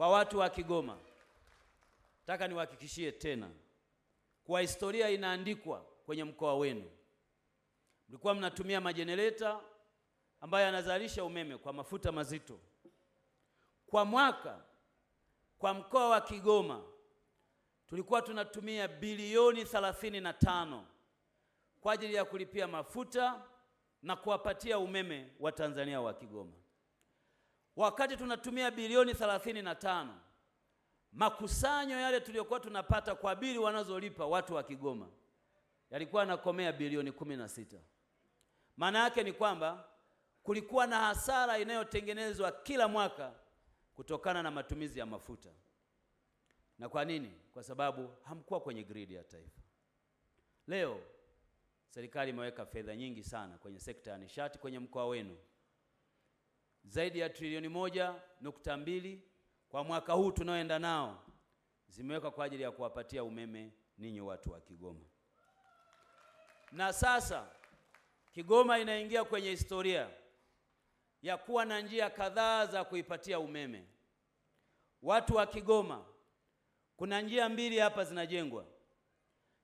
kwa watu wa Kigoma, nataka niwahakikishie tena kuwa historia inaandikwa kwenye mkoa wenu. Mlikuwa mnatumia majenereta ambayo yanazalisha umeme kwa mafuta mazito. Kwa mwaka kwa mkoa wa Kigoma tulikuwa tunatumia bilioni thelathini na tano kwa ajili ya kulipia mafuta na kuwapatia umeme wa Tanzania wa Kigoma wakati tunatumia bilioni na tano makusanyo yale tuliyokuwa tunapata kwa bili wanazolipa watu wa Kigoma yalikuwa yanakomea bilioni sita Maana yake ni kwamba kulikuwa na hasara inayotengenezwa kila mwaka kutokana na matumizi ya mafuta. Na kwa nini? Kwa sababu hamkuwa kwenye gridi ya taifa. Leo serikali imeweka fedha nyingi sana kwenye sekta ya nishati kwenye mkoa wenu zaidi ya trilioni moja nukta mbili kwa mwaka huu tunaoenda nao zimewekwa kwa ajili ya kuwapatia umeme ninyi watu wa Kigoma. Na sasa Kigoma inaingia kwenye historia ya kuwa na njia kadhaa za kuipatia umeme watu wa Kigoma. Kuna njia mbili hapa zinajengwa.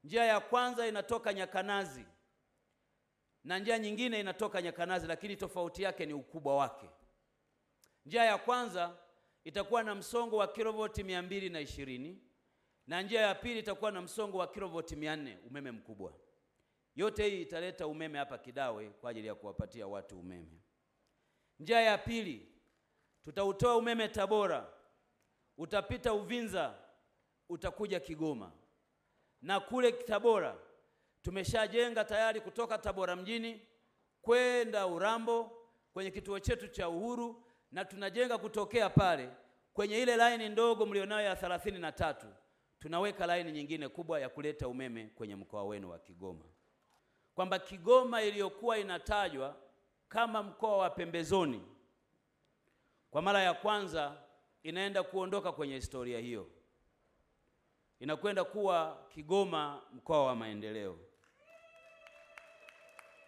Njia ya kwanza inatoka Nyakanazi na njia nyingine inatoka Nyakanazi, lakini tofauti yake ni ukubwa wake. Njia ya kwanza itakuwa na msongo wa kilovoti mia mbili na ishirini na njia ya pili itakuwa na msongo wa kilovoti mia nne umeme mkubwa. Yote hii italeta umeme hapa Kidawe kwa ajili ya kuwapatia watu umeme. Njia ya pili tutautoa umeme Tabora, utapita Uvinza, utakuja Kigoma na kule Tabora tumeshajenga tayari kutoka Tabora mjini kwenda Urambo kwenye kituo chetu cha Uhuru na tunajenga kutokea pale kwenye ile laini ndogo mlionayo ya thelathini na tatu tunaweka laini nyingine kubwa ya kuleta umeme kwenye mkoa wenu wa Kigoma, kwamba Kigoma iliyokuwa inatajwa kama mkoa wa pembezoni kwa mara ya kwanza inaenda kuondoka kwenye historia hiyo, inakwenda kuwa Kigoma mkoa wa maendeleo.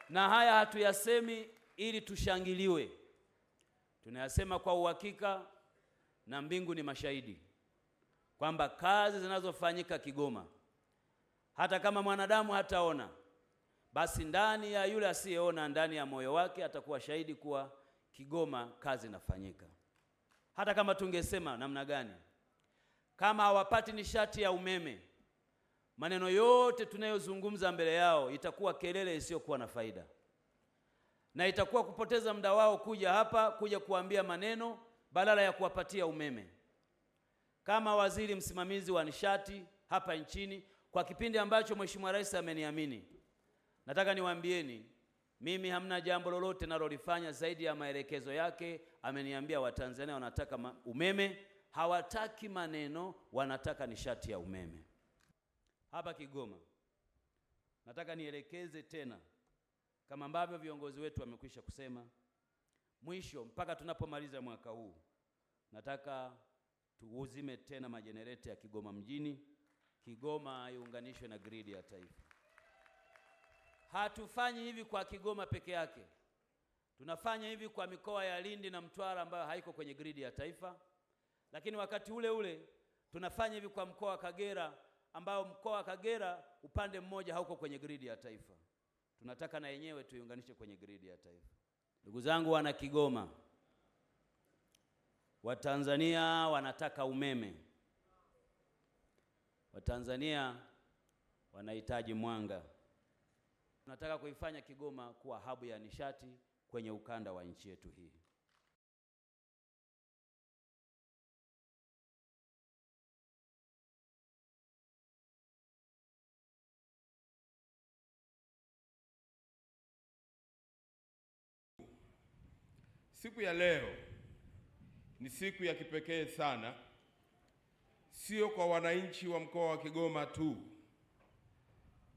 Na haya hatuyasemi ili tushangiliwe, Tunayasema kwa uhakika na mbingu ni mashahidi kwamba kazi zinazofanyika Kigoma, hata kama mwanadamu hataona, basi ndani ya yule asiyeona, ndani ya moyo wake atakuwa shahidi kuwa Kigoma kazi inafanyika. Hata kama tungesema namna gani, kama hawapati nishati ya umeme, maneno yote tunayozungumza mbele yao itakuwa kelele isiyokuwa na faida na itakuwa kupoteza muda wao kuja hapa kuja kuambia maneno badala ya kuwapatia umeme. Kama waziri msimamizi wa nishati hapa nchini kwa kipindi ambacho Mheshimiwa Rais ameniamini, nataka niwaambieni mimi hamna jambo lolote nalolifanya zaidi ya maelekezo yake. Ameniambia Watanzania wanataka umeme, hawataki maneno, wanataka nishati ya umeme. Hapa Kigoma nataka nielekeze tena kama ambavyo viongozi wetu wamekwisha kusema. Mwisho, mpaka tunapomaliza mwaka huu, nataka tuuzime tena majenereta ya Kigoma mjini. Kigoma iunganishwe na gridi ya taifa. Hatufanyi hivi kwa Kigoma peke yake, tunafanya hivi kwa mikoa ya Lindi na Mtwara ambayo haiko kwenye gridi ya taifa, lakini wakati ule ule tunafanya hivi kwa mkoa wa Kagera ambao mkoa wa Kagera upande mmoja hauko kwenye gridi ya taifa tunataka na yenyewe tuiunganishe kwenye gridi ya taifa. Ndugu zangu wana Kigoma, Watanzania wanataka umeme, Watanzania wanahitaji mwanga. Tunataka kuifanya Kigoma kuwa habu ya nishati kwenye ukanda wa nchi yetu hii. Siku ya leo ni siku ya kipekee sana, sio kwa wananchi wa mkoa wa Kigoma tu,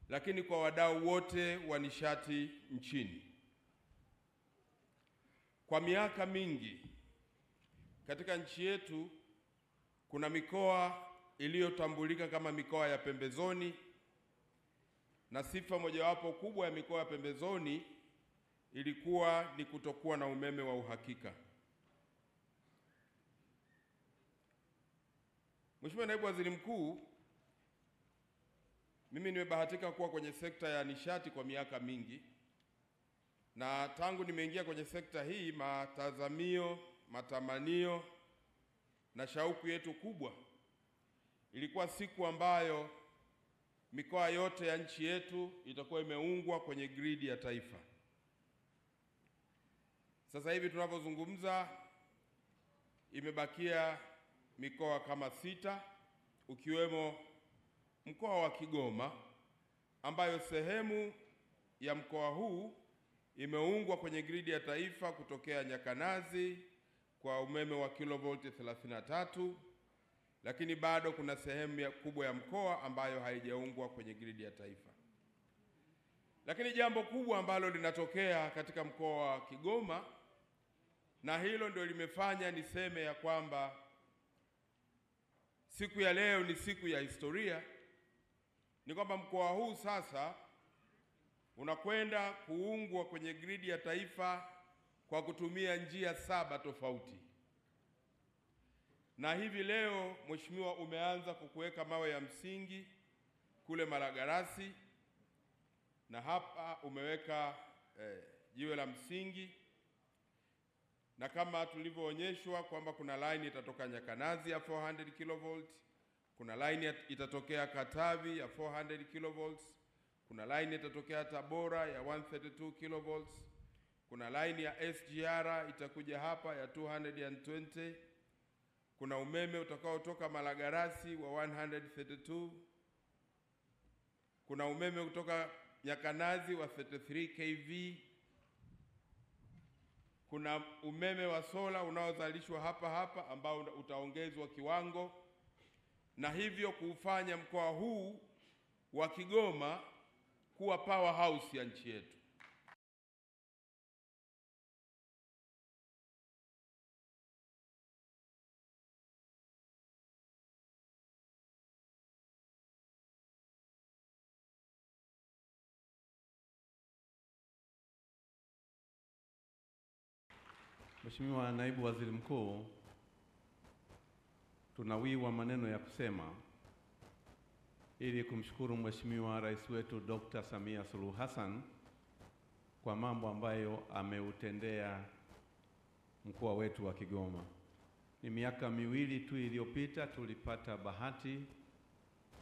lakini kwa wadau wote wa nishati nchini. Kwa miaka mingi katika nchi yetu kuna mikoa iliyotambulika kama mikoa ya pembezoni, na sifa mojawapo kubwa ya mikoa ya pembezoni ilikuwa ni kutokuwa na umeme wa uhakika. Mheshimiwa Naibu Waziri Mkuu, mimi nimebahatika kuwa kwenye sekta ya nishati kwa miaka mingi, na tangu nimeingia kwenye sekta hii, matazamio, matamanio na shauku yetu kubwa ilikuwa siku ambayo mikoa yote ya nchi yetu itakuwa imeungwa kwenye gridi ya taifa. Sasa hivi tunapozungumza, imebakia mikoa kama sita ukiwemo mkoa wa Kigoma ambayo sehemu ya mkoa huu imeungwa kwenye gridi ya taifa kutokea Nyakanazi kwa umeme wa kilovolti 33, lakini bado kuna sehemu kubwa ya mkoa ambayo haijaungwa kwenye gridi ya taifa. Lakini jambo kubwa ambalo linatokea katika mkoa wa Kigoma na hilo ndio limefanya niseme ya kwamba siku ya leo ni siku ya historia, ni kwamba mkoa huu sasa unakwenda kuungwa kwenye gridi ya taifa kwa kutumia njia saba tofauti. Na hivi leo mheshimiwa, umeanza kukuweka mawe ya msingi kule Malagarasi na hapa umeweka eh, jiwe la msingi na kama tulivyoonyeshwa kwamba kuna laini itatoka Nyakanazi ya 400 kV, kuna laini itatokea Katavi ya 400 kV, kuna laini itatokea Tabora ya 132 kV, kuna laini ya SGR itakuja hapa ya 220, kuna umeme utakaotoka Malagarasi wa 132, kuna umeme kutoka Nyakanazi wa 33 kV kuna umeme wa sola unaozalishwa hapa hapa ambao utaongezwa kiwango na hivyo kuufanya mkoa huu wa Kigoma kuwa powerhouse ya nchi yetu. Mheshimiwa Naibu Waziri Mkuu, tunawiwa maneno ya kusema ili kumshukuru Mheshimiwa Rais wetu Dr. Samia Suluhu Hassan kwa mambo ambayo ameutendea mkoa wetu wa Kigoma. Ni miaka miwili tu iliyopita tulipata bahati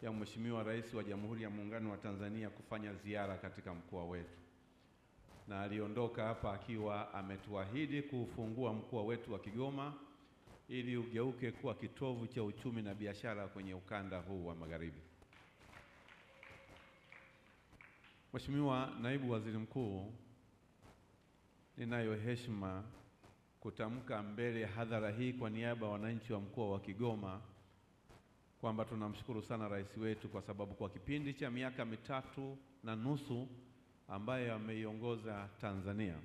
ya Mheshimiwa Rais wa Jamhuri ya Muungano wa Tanzania kufanya ziara katika mkoa wetu na aliondoka hapa akiwa ametuahidi kuufungua mkoa wetu wa Kigoma ili ugeuke kuwa kitovu cha uchumi na biashara kwenye ukanda huu wa Magharibi. Mheshimiwa Naibu Waziri Mkuu, ninayo heshima kutamka mbele ya hadhara hii kwa niaba ya wananchi wa mkoa wa Kigoma kwamba tunamshukuru sana rais wetu kwa sababu kwa kipindi cha miaka mitatu na nusu ambaye ameiongoza Tanzania.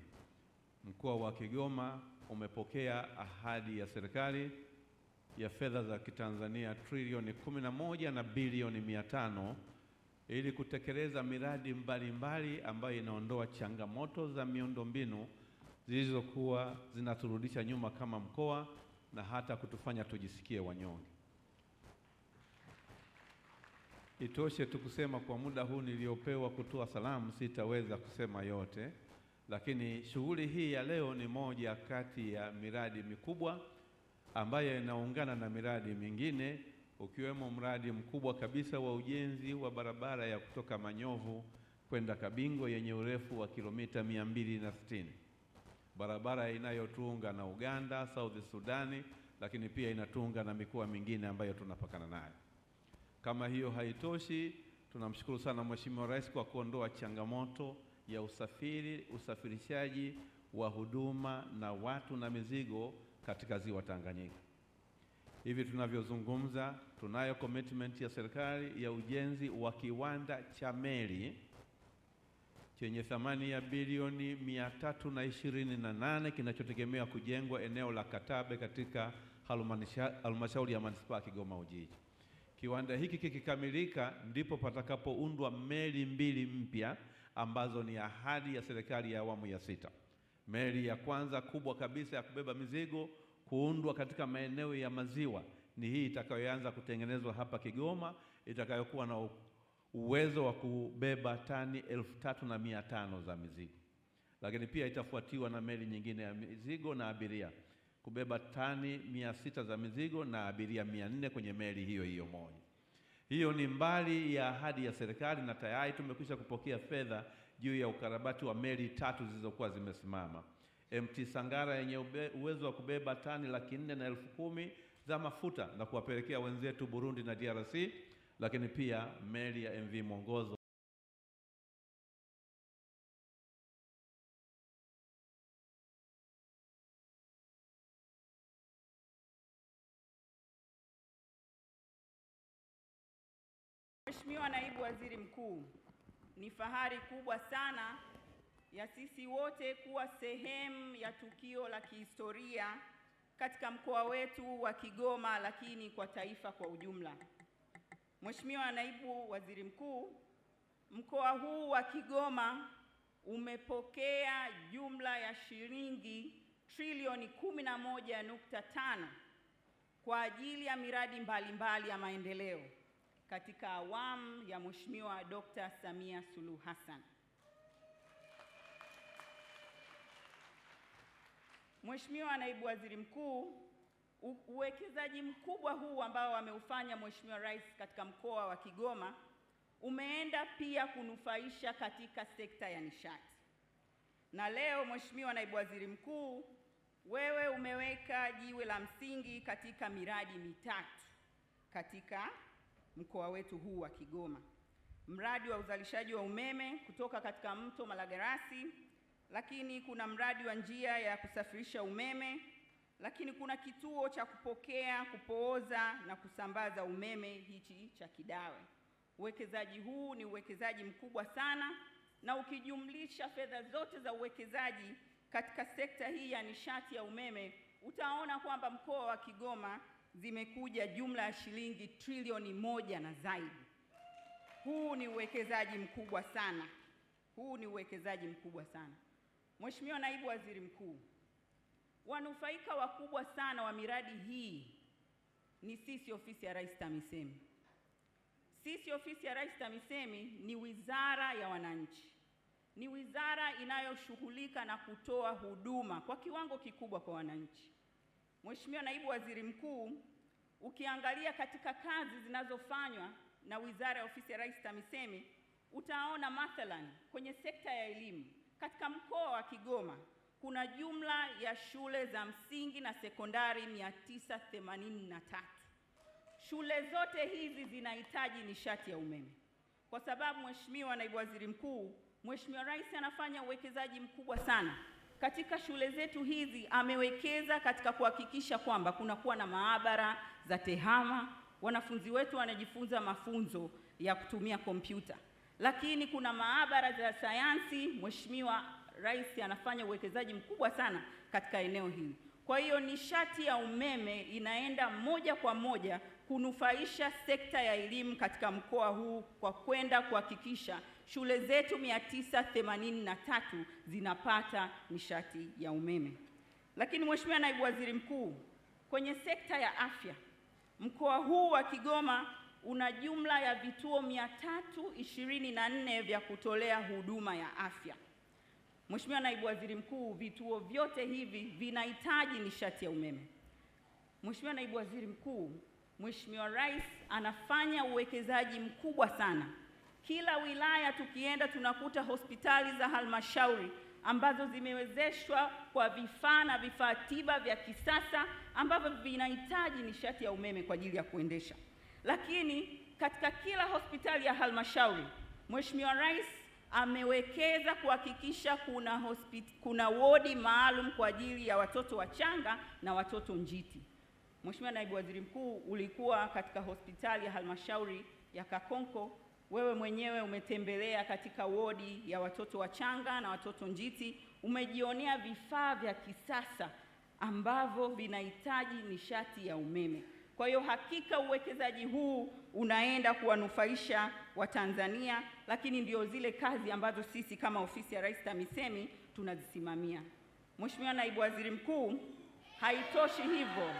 Mkoa wa Kigoma umepokea ahadi ya serikali ya fedha za Kitanzania trilioni 11 na moja na bilioni mia tano ili kutekeleza miradi mbalimbali mbali ambayo inaondoa changamoto za miundombinu zilizokuwa zinaturudisha nyuma kama mkoa na hata kutufanya tujisikie wanyonge. Itoshe tu kusema kwa muda huu niliopewa kutoa salamu sitaweza kusema yote, lakini shughuli hii ya leo ni moja kati ya miradi mikubwa ambayo inaungana na miradi mingine ukiwemo mradi mkubwa kabisa wa ujenzi wa barabara ya kutoka Manyovu kwenda Kabingo yenye urefu wa kilomita 260, barabara inayotuunga na Uganda, South Sudani, lakini pia inatuunga na mikoa mingine ambayo tunapakana nayo. Kama hiyo haitoshi, tunamshukuru sana Mheshimiwa Rais kwa kuondoa changamoto ya usafiri, usafirishaji wa huduma na watu na mizigo katika ziwa Tanganyika. Hivi tunavyozungumza, tunayo commitment ya serikali ya ujenzi wa kiwanda cha meli chenye thamani ya bilioni na nane kinachotegemea kujengwa eneo la Katabe katika halmashauri ya manispaa ya Kigoma Ujiji. Kiwanda hiki kikikamilika, ndipo patakapoundwa meli mbili mpya ambazo ni ahadi ya serikali ya awamu ya sita. Meli ya kwanza kubwa kabisa ya kubeba mizigo kuundwa katika maeneo ya maziwa ni hii itakayoanza kutengenezwa hapa Kigoma, itakayokuwa na uwezo wa kubeba tani elfu tatu na mia tano za mizigo, lakini pia itafuatiwa na meli nyingine ya mizigo na abiria kubeba tani mia sita za mizigo na abiria mia nne kwenye meli hiyo hiyo moja. Hiyo ni mbali ya ahadi ya serikali, na tayari tumekwisha kupokea fedha juu ya ukarabati wa meli tatu zilizokuwa zimesimama. MT Sangara yenye uwezo wa kubeba tani laki nne na elfu kumi za mafuta na kuwapelekea wenzetu Burundi na DRC, lakini pia meli ya MV Mwongozo Waziri Mkuu, ni fahari kubwa sana ya sisi wote kuwa sehemu ya tukio la kihistoria katika mkoa wetu wa Kigoma, lakini kwa taifa kwa ujumla. Mheshimiwa Naibu Waziri Mkuu, mkoa huu wa Kigoma umepokea jumla ya shilingi trilioni 11.5 kwa ajili ya miradi mbalimbali mbali ya maendeleo katika awamu ya Mheshimiwa Dr. Samia Suluhu Hassan. Mheshimiwa Naibu Waziri Mkuu, uwekezaji mkubwa huu ambao ameufanya Mheshimiwa Rais katika mkoa wa Kigoma umeenda pia kunufaisha katika sekta ya nishati. Na leo Mheshimiwa Naibu Waziri Mkuu, wewe umeweka jiwe la msingi katika miradi mitatu katika mkoa wetu huu wa Kigoma, mradi wa uzalishaji wa umeme kutoka katika mto Malagarasi, lakini kuna mradi wa njia ya kusafirisha umeme, lakini kuna kituo cha kupokea, kupooza na kusambaza umeme hichi cha Kidawe. Uwekezaji huu ni uwekezaji mkubwa sana, na ukijumlisha fedha zote za uwekezaji katika sekta hii ya nishati ya umeme utaona kwamba mkoa wa Kigoma zimekuja jumla ya shilingi trilioni moja na zaidi. Huu ni uwekezaji mkubwa sana, huu ni uwekezaji mkubwa sana. Mheshimiwa Naibu Waziri Mkuu, wanufaika wakubwa sana wa miradi hii ni sisi ofisi ya Rais TAMISEMI. Sisi ofisi ya Rais TAMISEMI ni wizara ya wananchi, ni wizara inayoshughulika na kutoa huduma kwa kiwango kikubwa kwa wananchi. Mheshimiwa Naibu Waziri Mkuu, ukiangalia katika kazi zinazofanywa na Wizara ya Ofisi ya Rais TAMISEMI utaona mathalan kwenye sekta ya elimu katika mkoa wa Kigoma kuna jumla ya shule za msingi na sekondari 983. Shule zote hizi zinahitaji nishati ya umeme, kwa sababu Mheshimiwa Naibu Waziri Mkuu, Mheshimiwa Rais anafanya uwekezaji mkubwa sana katika shule zetu hizi amewekeza katika kuhakikisha kwamba kunakuwa na maabara za tehama, wanafunzi wetu wanajifunza mafunzo ya kutumia kompyuta. Lakini kuna maabara za sayansi, Mheshimiwa Rais anafanya uwekezaji mkubwa sana katika eneo hili. Kwa hiyo nishati ya umeme inaenda moja kwa moja kunufaisha sekta ya elimu katika mkoa huu kwa kwenda kuhakikisha shule zetu 983 zinapata nishati ya umeme. Lakini Mheshimiwa Naibu Waziri Mkuu, kwenye sekta ya afya, mkoa huu wa Kigoma una jumla ya vituo 324 vya kutolea huduma ya afya. Mheshimiwa Naibu Waziri Mkuu, vituo vyote hivi vinahitaji nishati ya umeme. Mheshimiwa Naibu Waziri Mkuu, Mheshimiwa Rais anafanya uwekezaji mkubwa sana kila wilaya tukienda tunakuta hospitali za halmashauri ambazo zimewezeshwa kwa vifaa na vifaa tiba vya kisasa ambavyo vinahitaji nishati ya umeme kwa ajili ya kuendesha. Lakini katika kila hospitali ya halmashauri, Mheshimiwa Rais amewekeza kuhakikisha kuna hospit kuna wodi maalum kwa ajili ya watoto wachanga na watoto njiti. Mheshimiwa Naibu Waziri Mkuu, ulikuwa katika hospitali ya halmashauri ya Kakonko wewe mwenyewe umetembelea katika wodi ya watoto wachanga na watoto njiti, umejionea vifaa vya kisasa ambavyo vinahitaji nishati ya umeme. Kwa hiyo hakika uwekezaji huu unaenda kuwanufaisha Watanzania, lakini ndio zile kazi ambazo sisi kama ofisi ya Rais TAMISEMI tunazisimamia. Mheshimiwa Naibu Waziri Mkuu, haitoshi hivyo.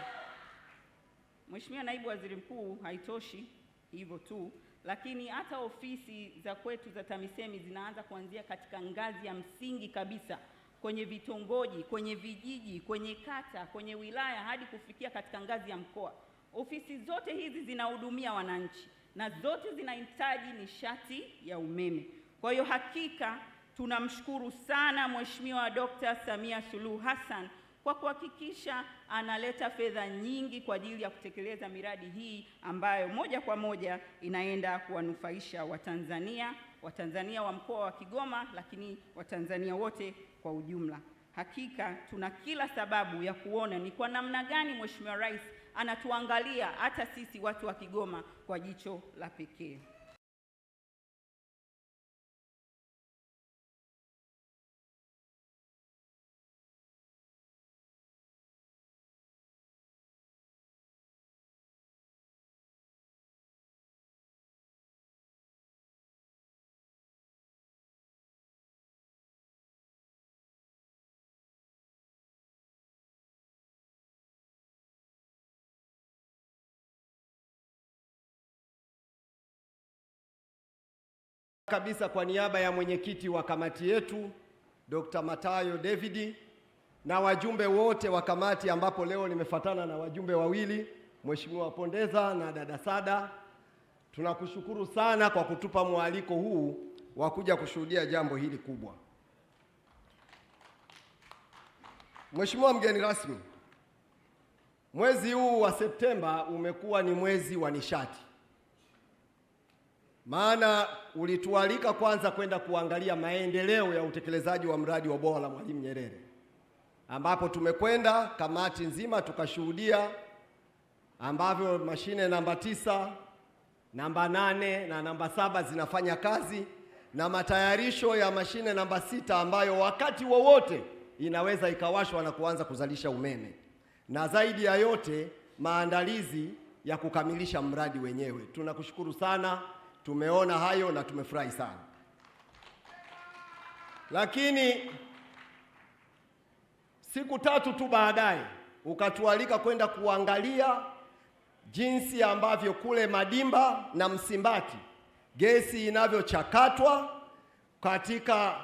Mheshimiwa Naibu Waziri Mkuu, haitoshi hivyo tu lakini hata ofisi za kwetu za TAMISEMI zinaanza kuanzia katika ngazi ya msingi kabisa, kwenye vitongoji, kwenye vijiji, kwenye kata, kwenye wilaya hadi kufikia katika ngazi ya mkoa. Ofisi zote hizi zinahudumia wananchi na zote zinahitaji nishati ya umeme. Kwa hiyo hakika tunamshukuru sana Mheshimiwa Dkt. Samia Suluhu Hassan kwa kuhakikisha analeta fedha nyingi kwa ajili ya kutekeleza miradi hii ambayo moja kwa moja inaenda kuwanufaisha Watanzania, Watanzania wa mkoa wa Kigoma, lakini Watanzania wote kwa ujumla. Hakika tuna kila sababu ya kuona ni kwa namna gani Mheshimiwa Rais anatuangalia hata sisi watu wa Kigoma kwa jicho la pekee. Kabisa kwa niaba ya mwenyekiti wa kamati yetu Dr. Matayo Davidi na wajumbe wote wa kamati, ambapo leo nimefatana na wajumbe wawili, Mheshimiwa Pondeza na dada Sada, tunakushukuru sana kwa kutupa mwaliko huu wa kuja kushuhudia jambo hili kubwa. Mheshimiwa mgeni rasmi, mwezi huu wa Septemba umekuwa ni mwezi wa nishati maana ulitualika kwanza kwenda kuangalia maendeleo ya utekelezaji wa mradi wa bwawa la Mwalimu Nyerere, ambapo tumekwenda kamati nzima tukashuhudia ambavyo mashine namba tisa, namba nane na namba saba zinafanya kazi na matayarisho ya mashine namba sita ambayo wakati wowote inaweza ikawashwa na kuanza kuzalisha umeme, na zaidi ya yote maandalizi ya kukamilisha mradi wenyewe. Tunakushukuru sana Tumeona hayo na tumefurahi sana, lakini siku tatu tu baadaye ukatualika kwenda kuangalia jinsi ambavyo kule Madimba na Msimbati gesi inavyochakatwa katika,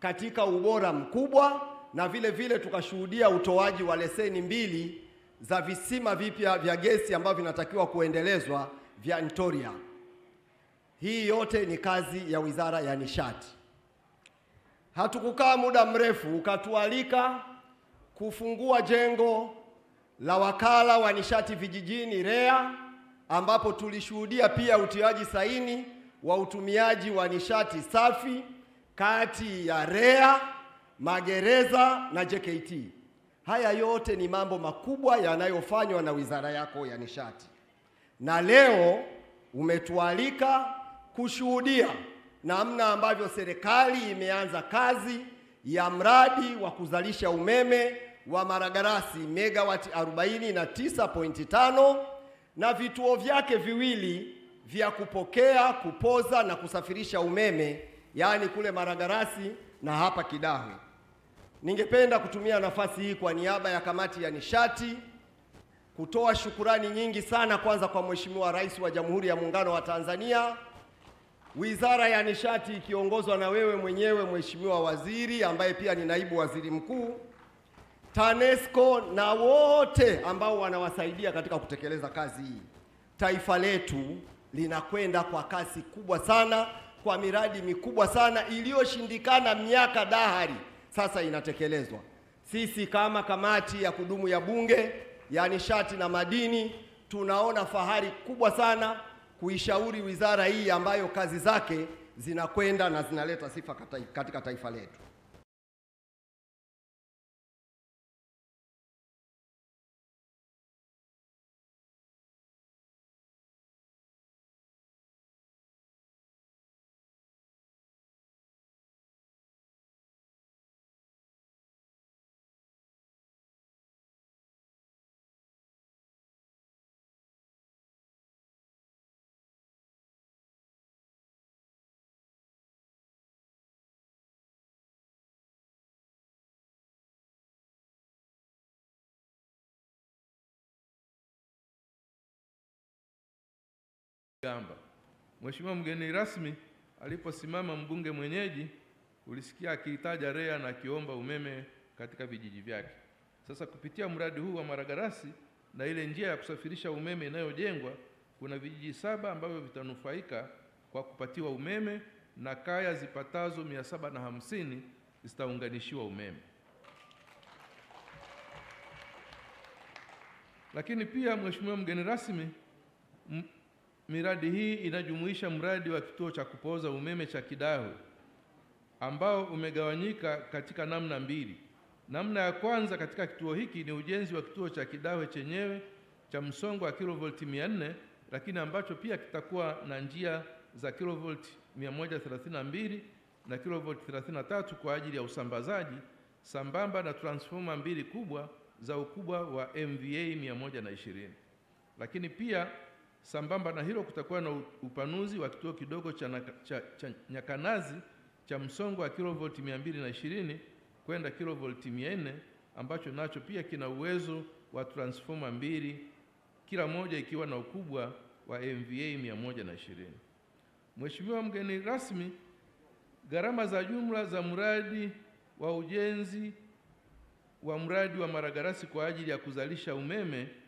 katika ubora mkubwa na vile vile tukashuhudia utoaji wa leseni mbili za visima vipya vya gesi ambavyo vinatakiwa kuendelezwa vya Ntoria. Hii yote ni kazi ya Wizara ya Nishati. Hatukukaa muda mrefu ukatualika kufungua jengo la Wakala wa Nishati Vijijini REA, ambapo tulishuhudia pia utiaji saini wa utumiaji wa nishati safi kati ya REA, magereza na JKT. Haya yote ni mambo makubwa yanayofanywa na wizara yako ya nishati, na leo umetualika kushuhudia namna ambavyo serikali imeanza kazi ya mradi wa kuzalisha umeme wa Maragarasi megawati 49.5 na vituo vyake viwili vya kupokea, kupoza na kusafirisha umeme, yaani kule Maragarasi na hapa Kidawe. Ningependa kutumia nafasi hii kwa niaba ya kamati ya nishati kutoa shukurani nyingi sana, kwanza kwa Mheshimiwa Rais wa Jamhuri ya Muungano wa Tanzania Wizara ya Nishati ikiongozwa na wewe mwenyewe Mheshimiwa Waziri, ambaye pia ni naibu waziri mkuu, TANESCO na wote ambao wanawasaidia katika kutekeleza kazi hii. Taifa letu linakwenda kwa kasi kubwa sana kwa miradi mikubwa sana iliyoshindikana miaka dahari, sasa inatekelezwa. Sisi kama kamati ya kudumu ya Bunge ya Nishati na Madini tunaona fahari kubwa sana kuishauri wizara hii ambayo kazi zake zinakwenda na zinaleta sifa katika taifa letu. Gamba. Mheshimiwa mgeni rasmi aliposimama mbunge mwenyeji ulisikia akiitaja REA na akiomba umeme katika vijiji vyake. Sasa kupitia mradi huu wa Maragarasi na ile njia ya kusafirisha umeme inayojengwa, kuna vijiji saba ambavyo vitanufaika kwa kupatiwa umeme na kaya zipatazo mia saba na hamsini zitaunganishiwa umeme. Lakini pia Mheshimiwa mgeni rasmi Miradi hii inajumuisha mradi wa kituo cha kupooza umeme cha Kidawe ambao umegawanyika katika namna mbili. Namna ya kwanza katika kituo hiki ni ujenzi wa kituo cha Kidawe chenyewe cha msongo wa kilovolti 400 lakini ambacho pia kitakuwa na njia za kilovolti 132 na kilovolti 33 kwa ajili ya usambazaji sambamba na transfoma mbili kubwa za ukubwa wa MVA 120 lakini pia Sambamba na hilo, kutakuwa na upanuzi wa kituo kidogo cha, naka, cha, cha Nyakanazi cha msongo wa kilovolti ishirini kwenda kilovolti 400 ambacho nacho pia kina uwezo wa transfoma mbili kila moja ikiwa na ukubwa wa MVA na ishirini Mheshimiwa mgeni rasmi, gharama za jumla za mradi wa ujenzi wa mradi wa Maragarasi kwa ajili ya kuzalisha umeme